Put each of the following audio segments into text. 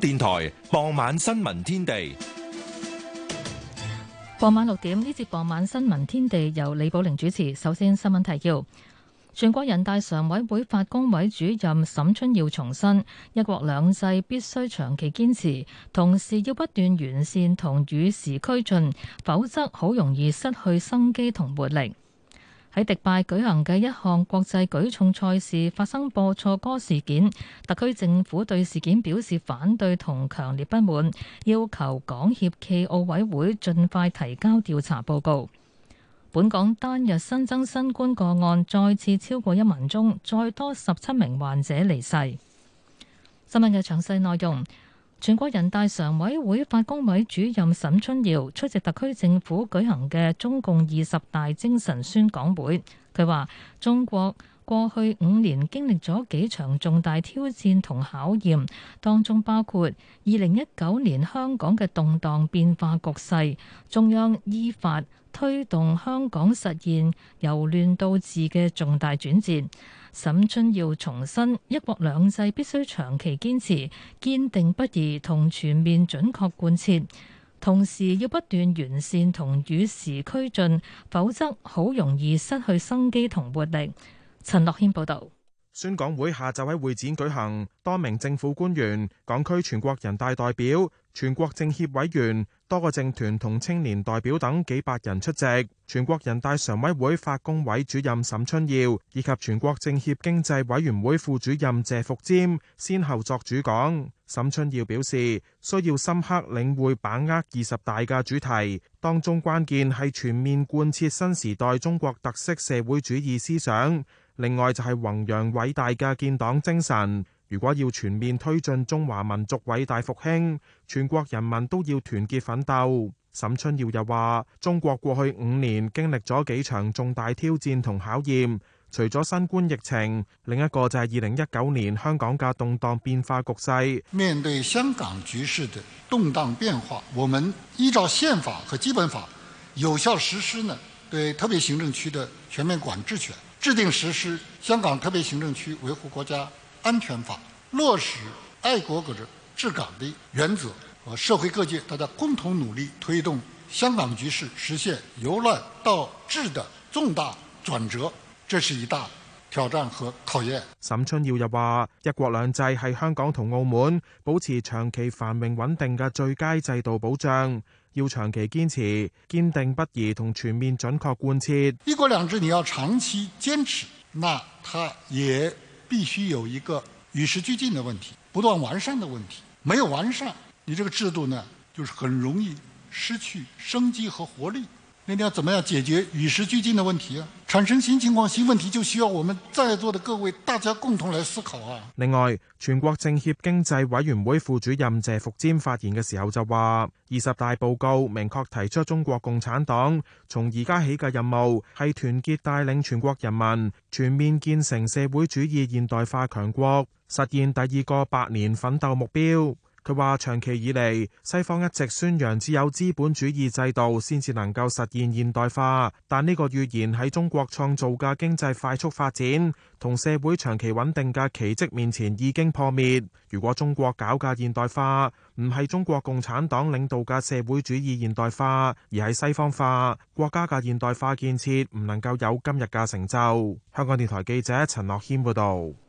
電台傍晚新聞天地，傍晚六點呢節傍晚新聞天地由李寶玲主持。首先，新聞提要：全國人大常委會法工委主任沈春耀重申，一國兩制必須長期堅持，同時要不斷完善同與時俱進，否則好容易失去生機同活力。喺迪拜舉行嘅一項國際舉重賽事發生播錯歌事件，特區政府對事件表示反對同強烈不滿，要求港協暨奧委會盡快提交調查報告。本港單日新增新冠個案再次超過一萬宗，再多十七名患者離世。新聞嘅詳細內容。全國人大常委會法工委主任沈春耀出席特區政府舉行嘅中共二十大精神宣講會，佢話：中國過去五年經歷咗幾場重大挑戰同考驗，當中包括二零一九年香港嘅動盪變化局勢，中央依法，推動香港實現由亂到治嘅重大轉折，沈春耀重申一國兩制必須長期堅持、堅定不移同全面準確貫徹，同時要不斷完善同與時俱進，否則好容易失去生機同活力。陳樂軒報導。宣講會下晝喺會展舉行，多名政府官員、港區全國人大代表、全國政協委員、多個政團同青年代表等幾百人出席。全國人大常委會法工委主任沈春耀以及全國政協經濟委員會副主任謝伏瞻先後作主講。沈春耀表示，需要深刻領會、把握二十大嘅主題，當中關鍵係全面貫徹新時代中國特色社會主義思想。另外就係弘揚偉大嘅建黨精神。如果要全面推進中華民族偉大復興，全國人民都要團結奮鬥。沈春耀又話，中國過去五年經歷咗幾場重大挑戰同考驗，除咗新冠疫情，另一個就係二零一九年香港嘅動盪變化局勢。面對香港局勢的動盪變化，我們依照憲法和基本法，有效實施呢對特別行政區的全面管治權。制定實施香港特別行政區維護國家安全法，落實愛國者治港的原則，和社會各界大家共同努力，推動香港局勢實現由亂到治的重大轉折，這是一大挑戰和考驗。沈春耀又話，一國兩制係香港同澳門保持長期繁榮穩定嘅最佳制度保障。要長期堅持、堅定不移同全面準確貫徹一國兩制。你要長期堅持，那它也必須有一個與時俱進的問題，不斷完善的問題，沒有完善，你這個制度呢，就是很容易失去生機和活力。你要怎麼樣解決與時俱進的問題啊？產生新情況、新問題，就需要我們在座的各位大家共同來思考啊！另外，全國政協經濟委員會副主任謝伏瞻發言嘅時候就話：二十大報告明確提出，中國共產黨從而家起嘅任務係團結帶領全國人民，全面建成社會主義現代化強國，實現第二個百年奮鬥目標。佢話：長期以嚟，西方一直宣揚只有資本主義制度先至能夠實現現代化，但呢個預言喺中國創造嘅經濟快速發展同社會長期穩定嘅奇蹟面前已經破滅。如果中國搞嘅現代化唔係中國共產黨領導嘅社會主義現代化，而係西方化國家嘅現代化建設，唔能夠有今日嘅成就。香港電台記者陳樂軒報導。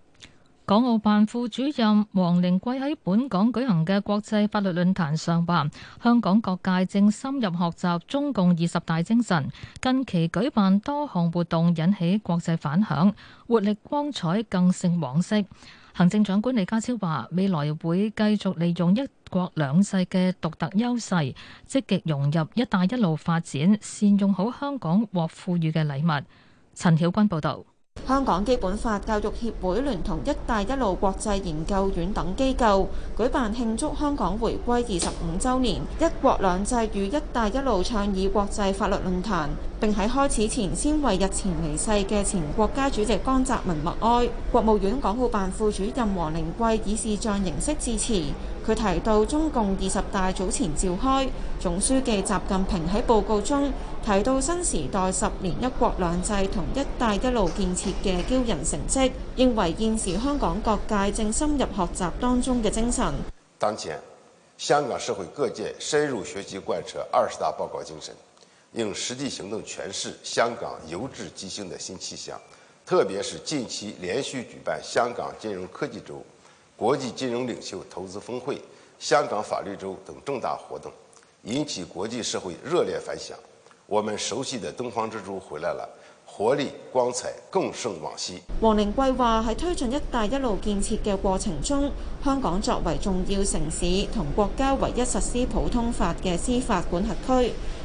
港澳辦副主任王靈桂喺本港舉行嘅國際法律論壇上話：香港各界正深入學習中共二十大精神，近期舉辦多項活動引起國際反響，活力光彩更勝往昔。行政長官李家超話：未來會繼續利用一國兩制嘅獨特優勢，積極融入「一帶一路」發展，善用好香港獲賦予嘅禮物。陳曉君報導。香港基本法教育協會聯同「一帶一路」國際研究院等機構舉辦慶祝香港回歸二十五周年「一國兩制與一帶一路倡議國際法律論壇」。並喺開始前先為日前離世嘅前國家主席江澤民默哀。國務院港澳辦副主任王靈桂以視像形式致辭。佢提到中共二十大早前召開，總書記習近平喺報告中提到新時代十年一國兩制同一帶一路建設嘅驕人成績，認為現時香港各界正深入學習當中嘅精神。當前，香港社會各界深入學習貫徹二十大報告精神。用實際行動詮釋香港由治及興的新氣象，特別是近期連續舉辦香港金融科技周、國際金融領袖投資峰會、香港法律周等重大活動，引起國際社會熱烈反響。我們熟悉的東方之珠回來了，活力光彩更勝往昔。王靈桂話：喺推進“一帶一路”建設嘅過程中，香港作為重要城市同國家唯一實施普通法嘅司法管轄區。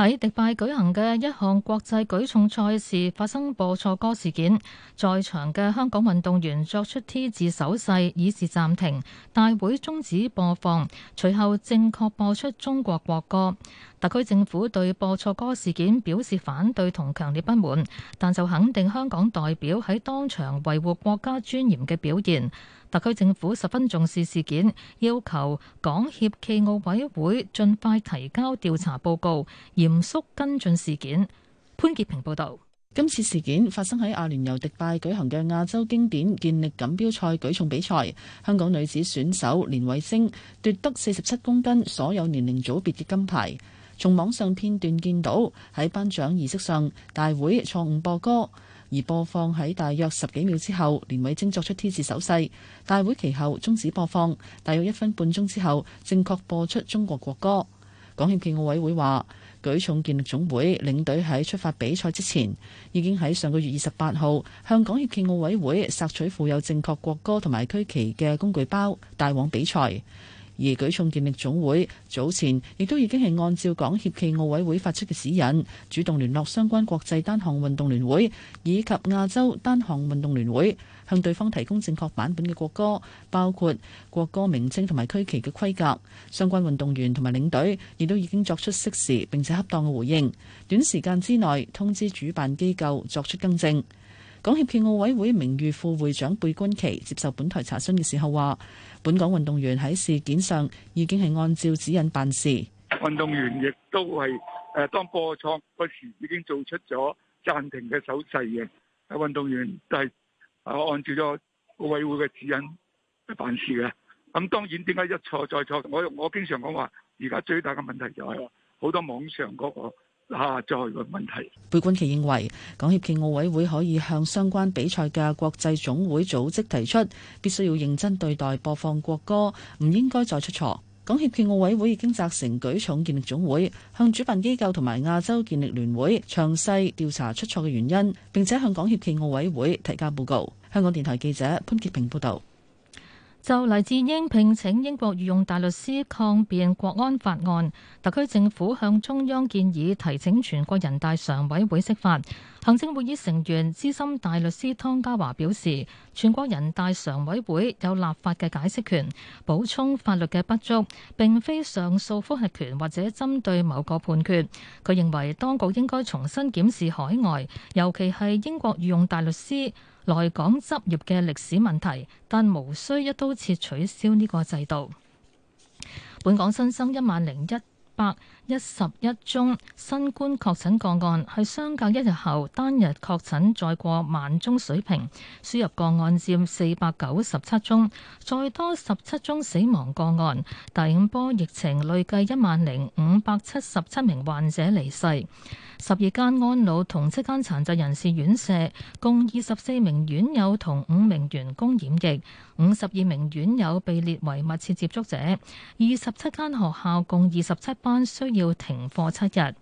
喺迪拜舉行嘅一項國際舉重賽事發生播錯歌事件，在場嘅香港運動員作出 T 字手勢，以示暫停，大會終止播放，隨後正確播出中國國歌。特區政府對播錯歌事件表示反對同強烈不滿，但就肯定香港代表喺當場維護國家尊嚴嘅表現。特區政府十分重視事件，要求港協暨奧委會盡快提交調查報告，嚴肅跟進事件。潘潔平報導，今次事件發生喺阿聯酋迪拜舉行嘅亞洲經典健力錦標賽舉重比賽，香港女子選手連惠星奪得四十七公斤所有年齡組別嘅金牌。從網上片段見到喺頒獎儀式上，大會錯誤播歌。而播放喺大約十幾秒之後，連偉晶作出 T 字手勢，大會期後終止播放。大約一分半鐘之後，正確播出中國國歌。港協暨奧委會話，舉重健力總會領隊喺出發比賽之前，已經喺上個月二十八號向港協暨奧委會索取附有正確國歌同埋區旗嘅工具包，帶往比賽。而舉重健力總會早前亦都已經係按照港協暨奧委會發出嘅指引，主動聯絡相關國際單項運動聯會以及亞洲單項運動聯會，向對方提供正確版本嘅國歌，包括國歌名稱同埋區旗嘅規格。相關運動員同埋領隊亦都已經作出適時並且恰當嘅回應，短時間之內通知主辦機構作出更正。港協暨奧委會名譽副會長貝鈞奇接受本台查詢嘅時候話。本港運動員喺事件上已經係按照指引辦事，運動員亦都係誒當播錯嗰時已經做出咗暫停嘅手勢嘅，運動員都係啊按照咗奧委會嘅指引去辦事嘅。咁當然點解一錯再錯，我我經常講話，而家最大嘅問題就係好多網上嗰個。啊！再個問題，貝君奇認為港協暨奧委會可以向相關比賽嘅國際總會組織提出，必須要認真對待播放國歌，唔應該再出錯。港協暨奧委會已經責成舉重健力總會向主辦機構同埋亞洲健力聯會詳細調查出錯嘅原因，並且向港協暨奧委會提交報告。香港電台記者潘潔平報道。就黎智英聘請英國御用大律師抗辯國安法案，特區政府向中央建議提請全國人大常委會釋法。行政會議成員資深大律師湯家驊表示，全國人大常委會有立法嘅解釋權，補充法律嘅不足，並非上訴覆核權或者針對某個判決。佢認為當局應該重新檢視海外，尤其係英國御用大律師來港執業嘅歷史問題，但無需一刀切取消呢個制度。本港新生一萬零一百一十一宗新冠確診個案係相隔一日後單日確診再過萬宗水平，輸入個案佔四百九十七宗，再多十七宗死亡個案。第五波疫情累計一萬零五百七十七名患者離世。十二間安老同七間殘疾人士院舍，共二十四名院友同五名員工染疫，五十二名院友被列為密切接觸者。二十七間學校共二十七班需要。要停課七日。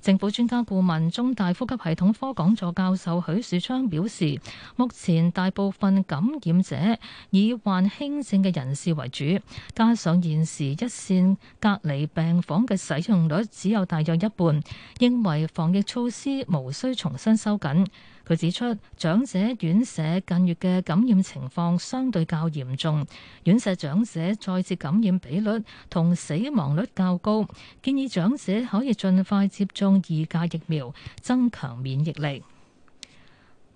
政府專家顧問、中大呼吸系統科講座教授許樹昌表示，目前大部分感染者以患輕症嘅人士為主，加上現時一線隔離病房嘅使用率只有大約一半，認為防疫措施無需重新收緊。佢指出，長者院舍近月嘅感染情況相對較嚴重，院舍長者再次感染比率同死亡率較高，建議長者可以盡快接種二價疫苗，增強免疫力。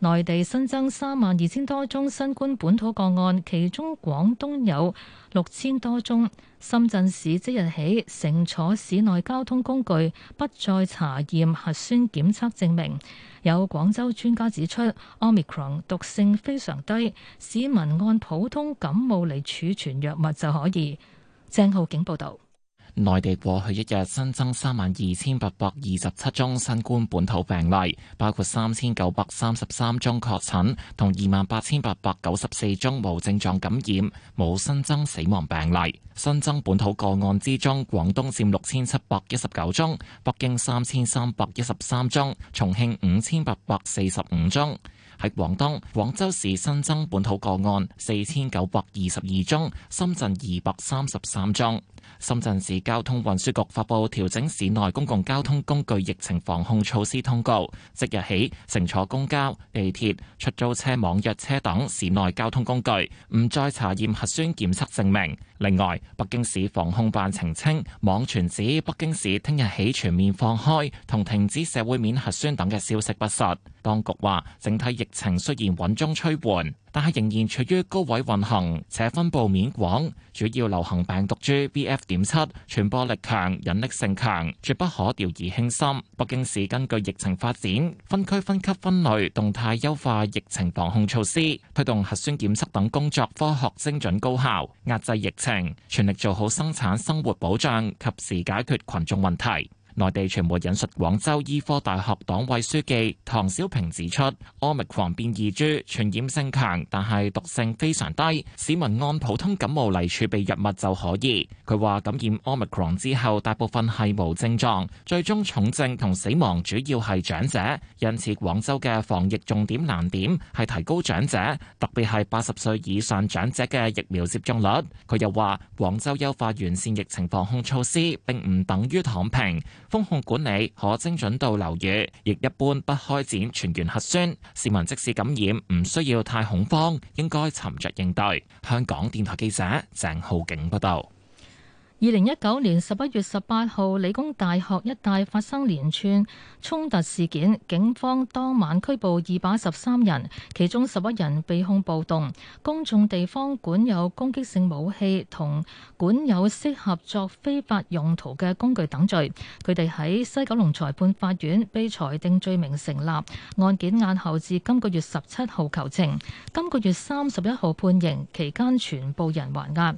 內地新增三萬二千多宗新冠本土個案，其中廣東有六千多宗。深圳市即日起乘坐市內交通工具不再查驗核酸檢測證明。有廣州專家指出，Omicron 毒性非常低，市民按普通感冒嚟儲存藥物就可以。鄭浩景報道。內地過去一日新增三萬二千八百二十七宗新冠本土病例，包括三千九百三十三宗確診，同二萬八千八百九十四宗無症狀感染，冇新增死亡病例。新增本土個案之中，廣東占六千七百一十九宗，北京三千三百一十三宗，重慶五千八百四十五宗。喺廣東，廣州市新增本土個案四千九百二十二宗，深圳二百三十三宗。深圳市交通運輸局發布調整市內公共交通工具疫情防控措施通告，即日起乘坐公交、地鐵、出租車、網約車等市內交通工具唔再查驗核酸檢測證明。另外，北京市防控辦澄清網傳指北京市聽日起全面放開同停止社會面核酸等嘅消息不實。當局話整體疫情雖然穩中趨緩。但係仍然處於高位運行，且分布面廣，主要流行病毒株 B. F. 點七傳播力強、隱匿性強，絕不可掉以輕心。北京市根據疫情發展，分區分級分類動態優化疫情防控措施，推動核酸檢測等工作科學、精準、高效，壓制疫情，全力做好生產生活保障，及時解決群眾問題。內地傳媒引述廣州醫科大學黨委書記唐小平指出，Omicron 變異株傳染性強，但係毒性非常低，市民按普通感冒嚟儲備藥物就可以。佢話感染 Omicron 之後，大部分係無症狀，最終重症同死亡主要係長者，因此廣州嘅防疫重點難點係提高長者，特別係八十歲以上長者嘅疫苗接種率。佢又話，廣州優化完善疫情防控措施，並唔等於躺平。封控管理可精準到樓宇，亦一般不開展全員核酸。市民即使感染，唔需要太恐慌，應該沉着應對。香港電台記者鄭浩景報道。二零一九年十一月十八號，理工大學一帶發生連串衝突事件，警方當晚拘捕二百一十三人，其中十一人被控暴動、公眾地方管有攻擊性武器同管有適合作非法用途嘅工具等罪。佢哋喺西九龍裁判法院被裁定罪名成立，案件押後至今個月十七號求情，今個月三十一號判刑，期間全部人還押。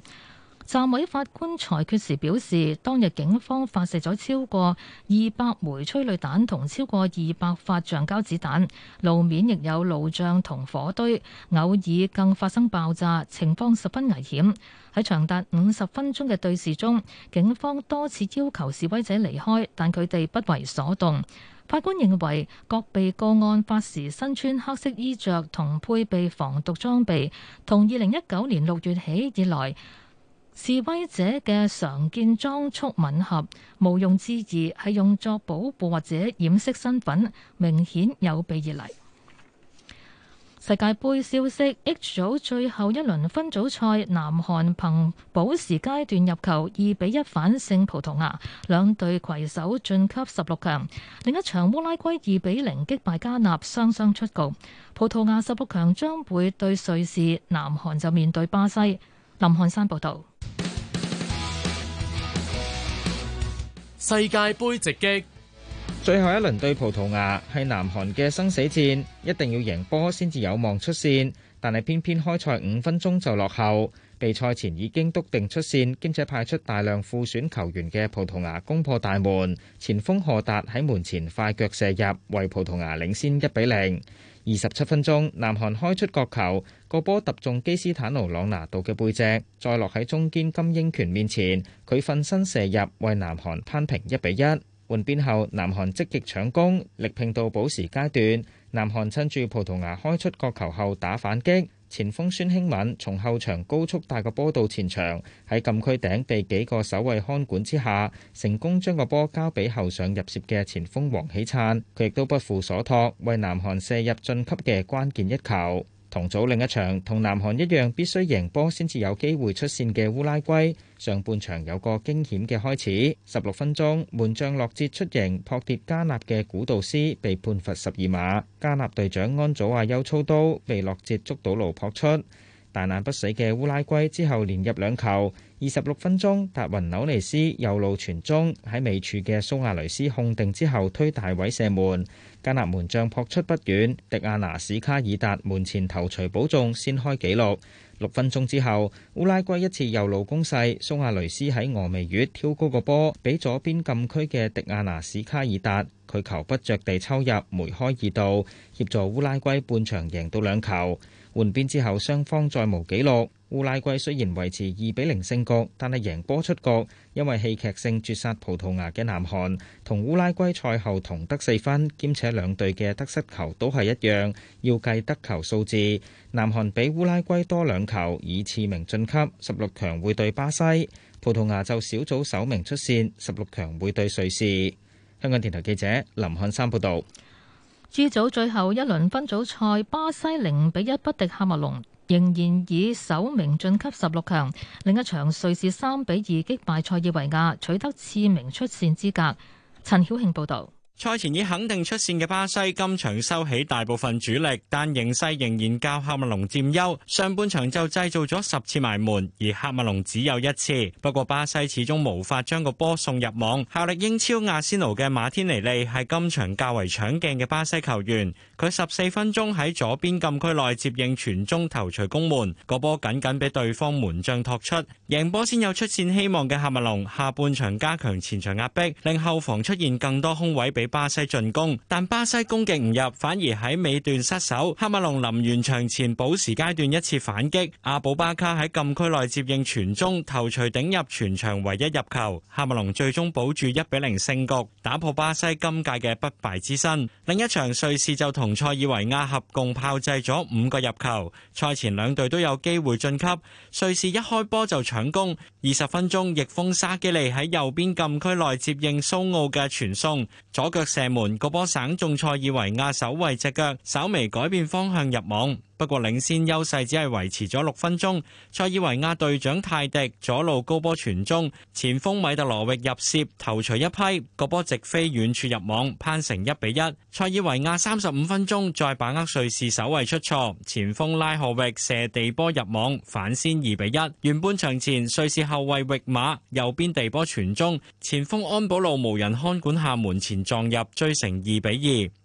暫委法官裁決時表示，當日警方發射咗超過二百枚催淚彈，同超過二百發橡膠子彈，路面亦有路障同火堆，偶爾更發生爆炸，情況十分危險。喺長達五十分鐘嘅對峙中，警方多次要求示威者離開，但佢哋不為所動。法官認為，各被告案發時身穿黑色衣着同配備防毒裝備，同二零一九年六月起以來，示威者嘅常見裝束吻合，毋庸置疑係用作保護或者掩飾身份，明顯有備而嚟。世界盃消息：H 組最後一輪分組賽，南韓憑補時階段入球二比一反勝葡萄牙，兩隊攜手晉級十六強。另一場烏拉圭二比零擊敗加納，雙雙出局。葡萄牙十六強將會對瑞士，南韓就面對巴西。林漢山報導。世界杯直擊，最後一輪對葡萄牙係南韓嘅生死戰，一定要贏波先至有望出線，但係偏偏開賽五分鐘就落後。比賽前已經篤定出線，兼且派出大量副選球員嘅葡萄牙攻破大門，前鋒荷達喺門前快腳射入，為葡萄牙領先一比零。二十七分鐘，南韓開出角球，個波揼中基斯坦奴朗拿度嘅背脊，再落喺中堅金英權面前，佢瞓身射入，為南韓攀平一比一。換邊後，南韓積極搶攻，力拼到補時階段。南韓趁住葡萄牙開出角球後打反擊。前鋒孫興慜從後場高速帶個波到前場，喺禁區頂被幾個守衞看管之下，成功將個波交俾後上入楔嘅前鋒黃喜燦，佢亦都不負所託，為南韓射入晉級嘅關鍵一球。同組另一場同南韓一樣必須贏波先至有機會出線嘅烏拉圭，上半場有個驚險嘅開始。十六分鐘，門將洛捷出營撲跌加納嘅古道斯，被判罰十二碼。加納隊長安祖亞丘操刀被洛捷捉到路撲出。大難不死嘅烏拉圭之後連入兩球，二十六分鐘達雲紐尼斯右路傳中，喺尾柱嘅蘇亞雷斯控定之後推大位射門，加納門將撲出不遠。迪亞拿史卡爾達門前頭槌補中，先開紀錄。六分鐘之後，烏拉圭一次右路攻勢，蘇亞雷斯喺俄眉月挑高個波，俾左邊禁區嘅迪亞拿史卡爾達佢球不着地抽入梅開二度，協助烏拉圭半場贏到兩球。換邊之後，雙方再無紀錄。烏拉圭雖然維持二比零勝局，但係贏波出局，因為戲劇性絕殺葡萄牙嘅南韓同烏拉圭賽後同得四分，兼且兩隊嘅得失球都係一樣，要計得球數字。南韓比烏拉圭多兩球，以次名晉級十六強會對巴西，葡萄牙就小組首名出線十六強會對瑞士。香港電台記者林漢山報導。G 組最後一輪分組賽，巴西零比一不敵喀麥隆，仍然以首名晉級十六強，另一場瑞士三比二擊敗塞爾維亞，取得次名出線資格。陳曉慶報道。賽前已肯定出線嘅巴西，今場收起大部分主力，但形勢仍然較喀麥隆佔優。上半場就製造咗十次埋門，而喀麥隆只有一次。不過巴西始終無法將個波送入網。效力英超阿仙奴嘅馬天尼利係今場較為搶鏡嘅巴西球員，佢十四分鐘喺左邊禁區內接應傳中頭錘攻門，個波僅僅俾對方門將托出。贏波先有出線希望嘅喀麥隆，下半場加強前場壓逼，令後防出現更多空位。巴西進攻，但巴西攻擊唔入，反而喺尾段失守。哈馬隆臨完場前補時階段一次反擊，阿布巴卡喺禁區內接應傳中，頭鎚頂入全場唯一入球。哈馬隆最終保住一比零勝局，打破巴西今屆嘅不敗之身。另一場瑞士就同塞爾維亞合共炮製咗五個入球。賽前兩隊都有機會晉級。瑞士一開波就搶攻，二十分鐘逆風沙基利喺右邊禁區內接應蘇奧嘅傳送，左腳射門，嗰波省中塞爾維亞守衛隻腳，稍微改變方向入網。不過領先優勢只係維持咗六分鐘，塞爾維亞隊長泰迪左路高波傳中，前鋒米特羅域入射頭槌一批，個波直飛遠處入網，扳成一比一。塞爾維亞三十五分鐘再把握瑞士守衞出錯，前鋒拉荷域射地波入網，反先二比一。完半場前，瑞士後衛域域馬右邊地波傳中，前鋒安保路無人看管下門前撞入，追成二比二。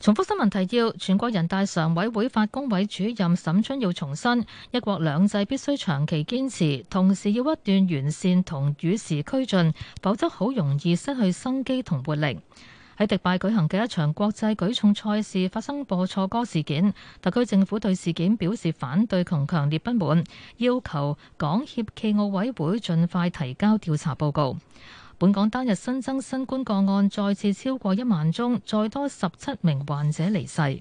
重複新聞提要：全國人大常委會法工委主任沈春耀重申，一國兩制必須長期堅持，同時要不斷完善同與時俱進，否則好容易失去生機同活力。喺迪拜舉行嘅一場國際舉重賽事發生播錯歌事件，特區政府對事件表示反對同強烈不滿，要求港協暨奧委會盡快提交調查報告。本港單日新增新冠個案再次超過一萬宗，再多十七名患者離世。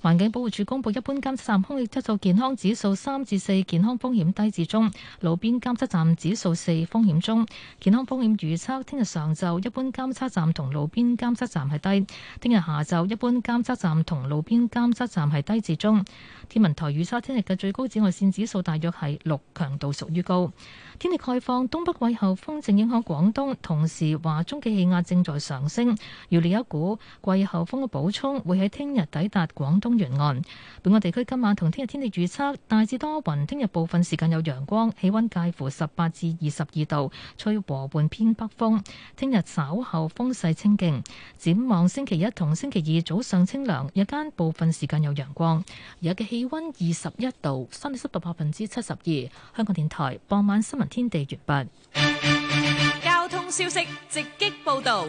環境保護署公布一般監測站空氣質素健康指數三至四，健康風險低至中；路邊監測站指數四，風險中。健康風險預測：聽日上晝一般監測站同路邊監測站係低；聽日下晝一般監測站同路邊監測站係低至中。天文台預測聽日嘅最高紫外線指數大約係六，強度屬於高。天氣概況：東北季候風正影響廣東，同時華中嘅氣壓正在上升，預料一股季候風嘅補充會喺聽日抵達廣東。東源岸，本港地區今晚同聽日天氣預測大致多雲，聽日部分時間有陽光，氣溫介乎十八至二十二度，吹和緩偏北風。聽日稍後風勢清勁。展望星期一同星期二早上清涼，日間部分時間有陽光。而家嘅氣溫二十一度，相對濕度百分之七十二。香港電台傍晚新聞天地完畢。交通消息直擊報道。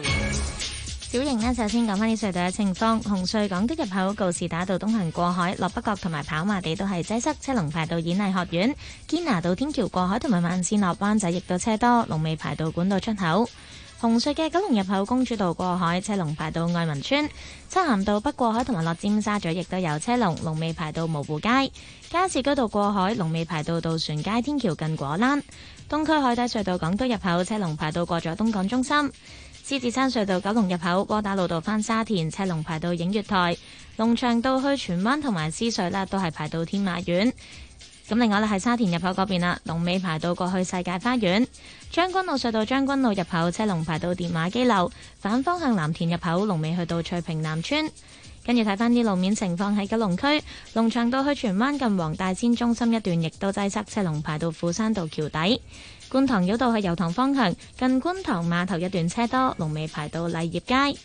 小瑩呢，首先講翻啲隧道嘅情況。紅隧港島入口告士打道東行過海，落北角同埋跑馬地都係擠塞，車龍排到演藝學院。堅拿道天橋過海同埋慢線落灣仔亦都車多，龍尾排到管道出口。紅隧嘅九龍入口公主道過海，車龍排到愛民村。漆咸道北過海同埋落尖沙咀亦都有車龍，龍尾排到蕪湖街。加士居道過海，龍尾排到渡船街天橋近果欄。東區海底隧道港島入口，車龍排到過咗東港中心。獅子山隧道九龍入口，窩打老道翻沙田，車龍排到映月台；龍翔道去荃灣同埋獅隧咧，都係排到天馬苑。咁另外咧，喺沙田入口嗰邊啊，龍尾排到過去世界花園。將軍澳隧道將軍澳入口，車龍排到電話機樓，反方向藍田入口龍尾去到翠屏南村。跟住睇翻啲路面情況，喺九龍區，龍翔道去荃灣近黃大仙中心一段亦都擠塞，車龍排到斧山道橋底。觀塘繞道去油塘方向，近觀塘碼頭一段車多，龍尾排到麗業街。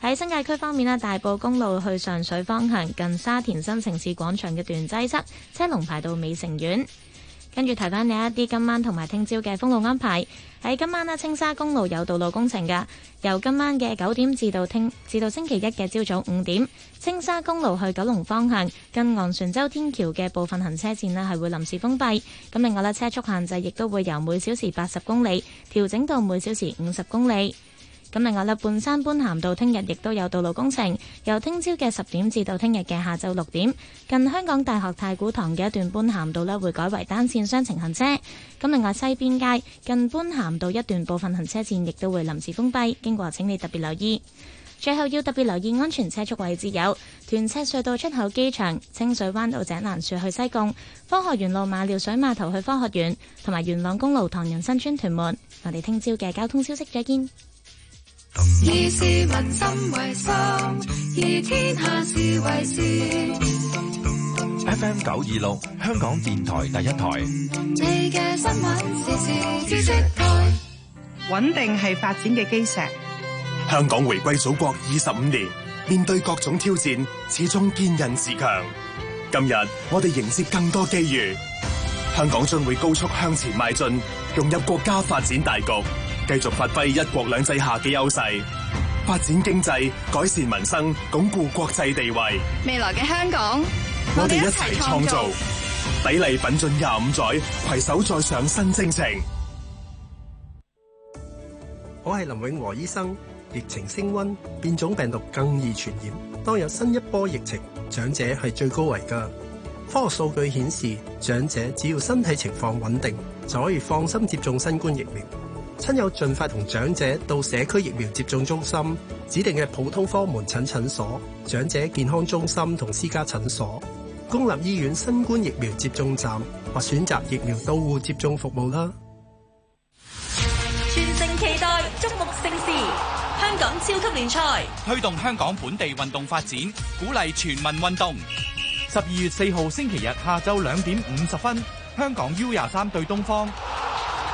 喺新界區方面咧，大埔公路去上水方向，近沙田新城市廣場一段擠塞，車龍排到美城苑。跟住提翻你一啲今晚同埋聽朝嘅封路安排。喺今晚呢，青沙公路有道路工程㗎，由今晚嘅九點至到聽至到星期一嘅朝早五點，青沙公路去九龍方向近昂船洲天橋嘅部分行車線呢係會臨時封閉。咁另外呢，車速限制亦都會由每小時八十公里調整到每小時五十公里。咁另外咧，半山般咸道聽日亦都有道路工程，由聽朝嘅十點至到聽日嘅下晝六點，近香港大學太古堂嘅一段般咸道咧，會改為單線雙程行車。咁另外西邊街近般咸道一段部分行車線亦都會臨時封閉，經過請你特別留意。最後要特別留意安全車速位置有屯赤隧道出口、機場清水灣道、井欄樹去西貢、科學園路馬料水碼頭去科學園，同埋元朗公路唐人新村屯門。我哋聽朝嘅交通消息再見。以市民心為心，以天下事為事。FM 九二六，香港電台第一台。你時時台，穩定係發展嘅基石。香港回歸祖國二十五年，面對各種挑戰，始終堅韌自強。今日我哋迎接更多機遇，香港將會高速向前邁進，融入國家發展大局。繼續發揮一國兩制下嘅優勢，發展經濟，改善民生，鞏固國際地位。未來嘅香港，我哋一齊創造。砥礪奮進廿五載，攜手再上新征程。我係林永和醫生。疫情升溫，變種病毒更易傳染。當有新一波疫情，長者係最高危噶。科學數據顯示，長者只要身體情況穩定，就可以放心接種新冠疫苗。親友盡快同長者到社區疫苗接種中心、指定嘅普通科門診診所、長者健康中心同私家診所、公立醫院新冠疫苗接種站或選擇疫苗到戶接種服務啦。全城期待，矚目盛事，香港超級聯賽推動香港本地運動發展，鼓勵全民運動。十二月四號星期日下晝兩點五十分，香港 U 廿三對東方。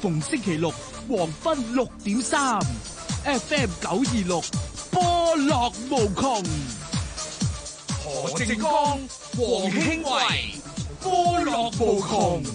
逢星期六黃昏六點三，F.M. 九二六，波樂無窮。何正剛、黃興偉，波樂無窮。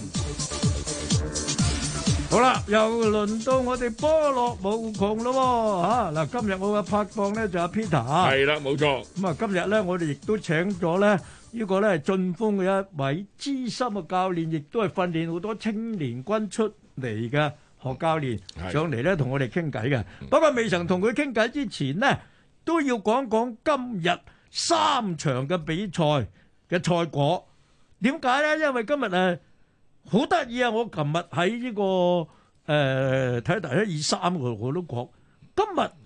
好啦，又輪到我哋波樂無窮咯。吓嗱，今日我嘅拍檔咧就阿 Peter 啊，係啦，冇錯。咁啊，今日咧我哋亦都請咗咧呢個咧係駿鋒嘅一位資深嘅教練，亦都係訓練好多青年軍出。嚟嘅學教練上嚟咧，同我哋傾偈嘅。不過未曾同佢傾偈之前咧，都要講講今日三場嘅比賽嘅賽果。點解咧？因為今日誒好得意啊！我琴日喺呢個誒睇第一二三個我都講，今日。